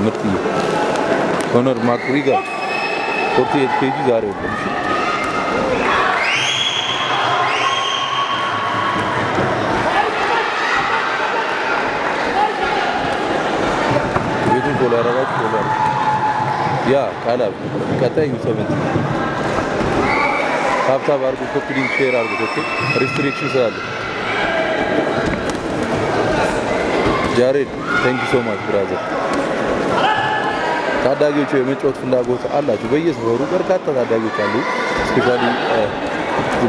mırtıyı. Conor McGregor ortaya etkileyici zarar vermiş. Bütün dolara bak dolar. Ya kala kata yusamet. Hafta var bu kopilin şehir ardı kopil. Restrictions aldı. Jared, thank you so much brother. ታዳጊዎቹ የመጫወት ፍላጎት አላቸው። በየሰፈሩ በርካታ ታዳጊዎች አሉ። ስፔሻሊ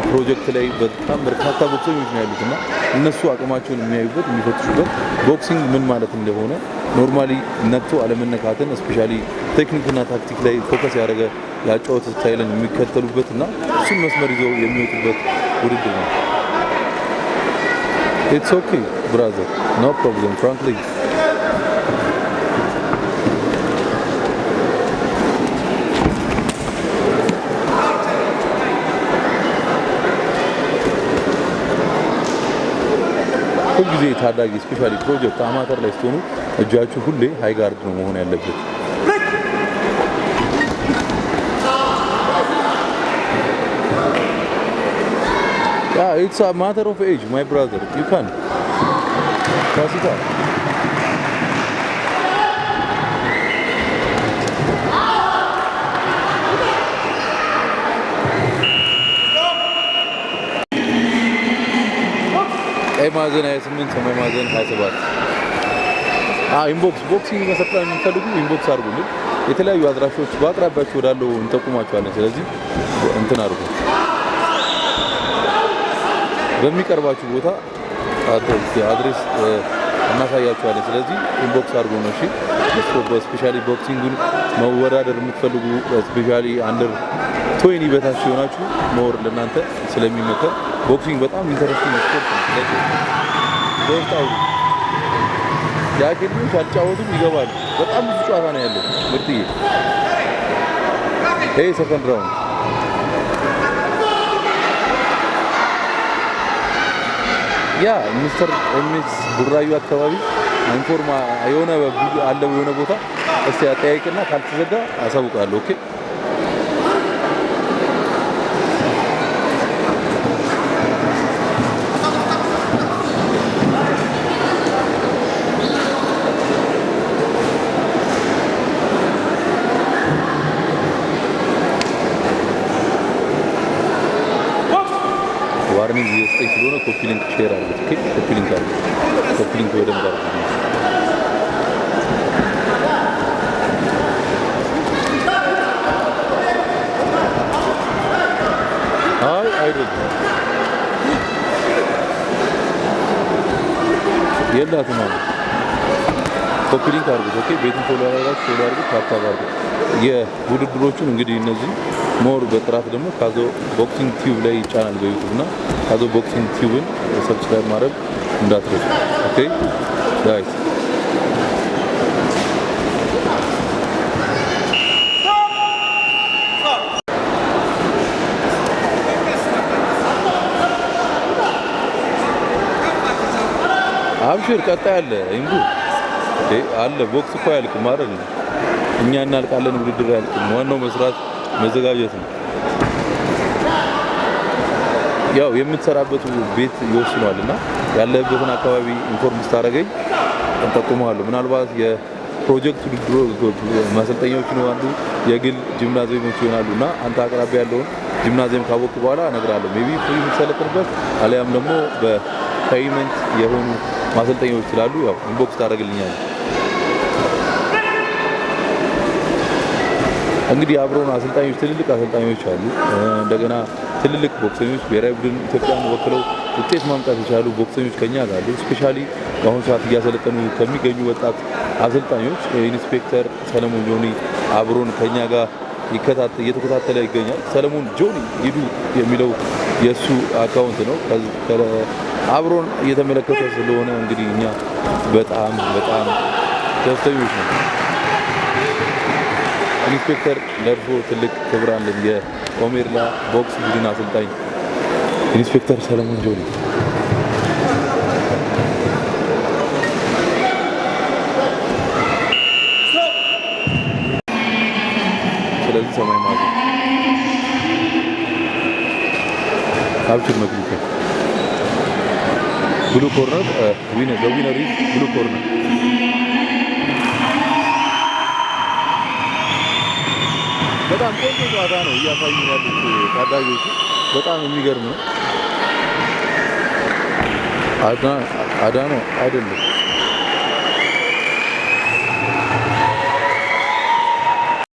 ፕሮጀክት ላይ በጣም በርካታ ቦክሰኞች ነው ያሉት እና እነሱ አቅማቸውን የሚያዩበት የሚፈትሹበት፣ ቦክሲንግ ምን ማለት እንደሆነ ኖርማሊ ነክቶ አለመነካትን ስፔሻሊ ቴክኒክና ታክቲክ ላይ ፎከስ ያደረገ የአጫወት ስታይልን የሚከተሉበት እና እሱን መስመር ይዘው የሚወጡበት ውድድር ነው። ኢትስ ኦኬ ብራዘር ኖ ፕሮብለም ፍራንክሊ ሁልጊዜ ታዳጊ ስፔሻሊ ፕሮጀክት አማተር ላይ ስትሆኑ እጃችሁ ሁሌ ሃይ ጋርድ ነው መሆን ያለበት። ኢትስ ማተር ኦፍ ኤጅ ማይ ብራዘር ዩ ካን ቀይ ማዕዘን 28 ሰማይ ማዕዘን 27 ኢንቦክስ ቦክሲንግ መሰልጠን የሚፈልጉ ኢንቦክስ አድርጉልን። የተለያዩ አድራሾች በአቅራቢያችሁ ወዳለው እንጠቁማችኋለን። ስለዚህ እንትን አድርጉ፣ በሚቀርባችሁ ቦታ አድሬስ እናሳያችኋለን። ስለዚህ ኢንቦክስ አድርጉ ነው። እሺ፣ ስፔሻሊ ቦክሲንግን መወዳደር የምትፈልጉ ስፔሻሊ አንደር ቶይኒ በታች ሲሆናችሁ መወር ለእናንተ ስለሚመከር ቦክሲንግ በጣም ኢንተረስቲንግ ስፖርት ነው። የአካል ካልጫወቱም ይገባል። በጣም ብዙ ጨዋታ ነው ያለው። ምርጥዬ ይሄ ሰከንድ ራውንድ ያ ሚስተር ኤምኤስ ቡራዩ አካባቢ ኢንፎርማ የሆነ አለ የሆነ ቦታ እስቲ አጠያይቅና ካልተዘጋ አሳውቃለሁ። ኦኬ కారణం ఈ ఎస్ఐ కిలోన కొప్పిలింక్ చీర ఆర్బిట్కి కొప్పిలింక్ ఆర్బిట్ కొప్పిలింక్ వేరే హాయ్ ఆయుర్వేద ఏం దాతున్నాను ኮፒሊንግ አድርጉት። ኦኬ ቤትን ፎሎ ያደረጋችሁ ፎሎ አድርጉት፣ ታብታብ አድርጉት። የውድድሮቹን እንግዲህ እነዚህ ሞር በጥራት ደግሞ ካዞ ቦክሲንግ ቲዩብ ላይ ይጫናል በዩቱብ እና ካዞ ቦክሲንግ ቲዩብን ሰብስክራይብ ማድረግ እንዳትረሱ። ኦኬ ጋይስ አብሽር ቀጣይ አለ እንዱ አለ ቦክስ እኮ አያልቅም አይደል? እኛ እናልቃለን፣ ውድድር ያልቅም ዋናው መስራት መዘጋጀት ነው። ያው የምትሰራበት ቤት ይወስኗል እና አካባቢ ኢንፎርም ስታደርገኝ እንጠቁመዋለሁ። ምናልባት የፕሮጀክት ውድድሮ ማሰልጠኛዎች ይኖራሉ፣ የግል ጂምናዚየሞች ይሆናሉ እና አንተ አቅራቢ ያለውን ጂምናዚየም ካወቅ በኋላ እነግርሃለሁ። ሜይ ቢ ፍሪ የምትሰለጥንበት አሊያም ደግሞ በፔይመንት የሆኑ ማሰልጠኛዎች ስላሉ ያው ኢንቦክስ ታደርግልኛለህ። እንግዲህ አብረውን አሰልጣኞች ትልልቅ አሰልጣኞች አሉ። እንደገና ትልልቅ ቦክሰኞች ብሔራዊ ቡድን ኢትዮጵያን ወክለው ውጤት ማምጣት የቻሉ ቦክሰኞች ከኛ ጋር አሉ። እስፔሻሊ በአሁኑ ሰዓት እያሰለጠኑ ከሚገኙ ወጣት አሰልጣኞች ኢንስፔክተር ሰለሞን ጆኒ አብሮን ከኛ ጋር እየተከታተለ ይገኛል። ሰለሞን ጆኒ ይዱ የሚለው የእሱ አካውንት ነው። አብሮን እየተመለከተ ስለሆነ እንግዲህ እኛ በጣም በጣም ደስተኞች ነው። ኢንስፔክተር ነርፉ ትልቅ ክብር አለኝ። የኦሜርላ ቦክስ ቡድን አሰልጣኝ ኢንስፔክተር ሰለሞን ጆሊ ስለዚህ ሰማይ ማዘ አብችር መግሊከ ብሉ ኮርነር ዊነር ዘ ዊነር ኢዝ ብሉ ኮርነር በጣም ቆንጆ ጨዋታ ነው እያሳዩ ያሉት ታዳጊዎቹ። በጣም የሚገርም ነው። አዳነው አይደለም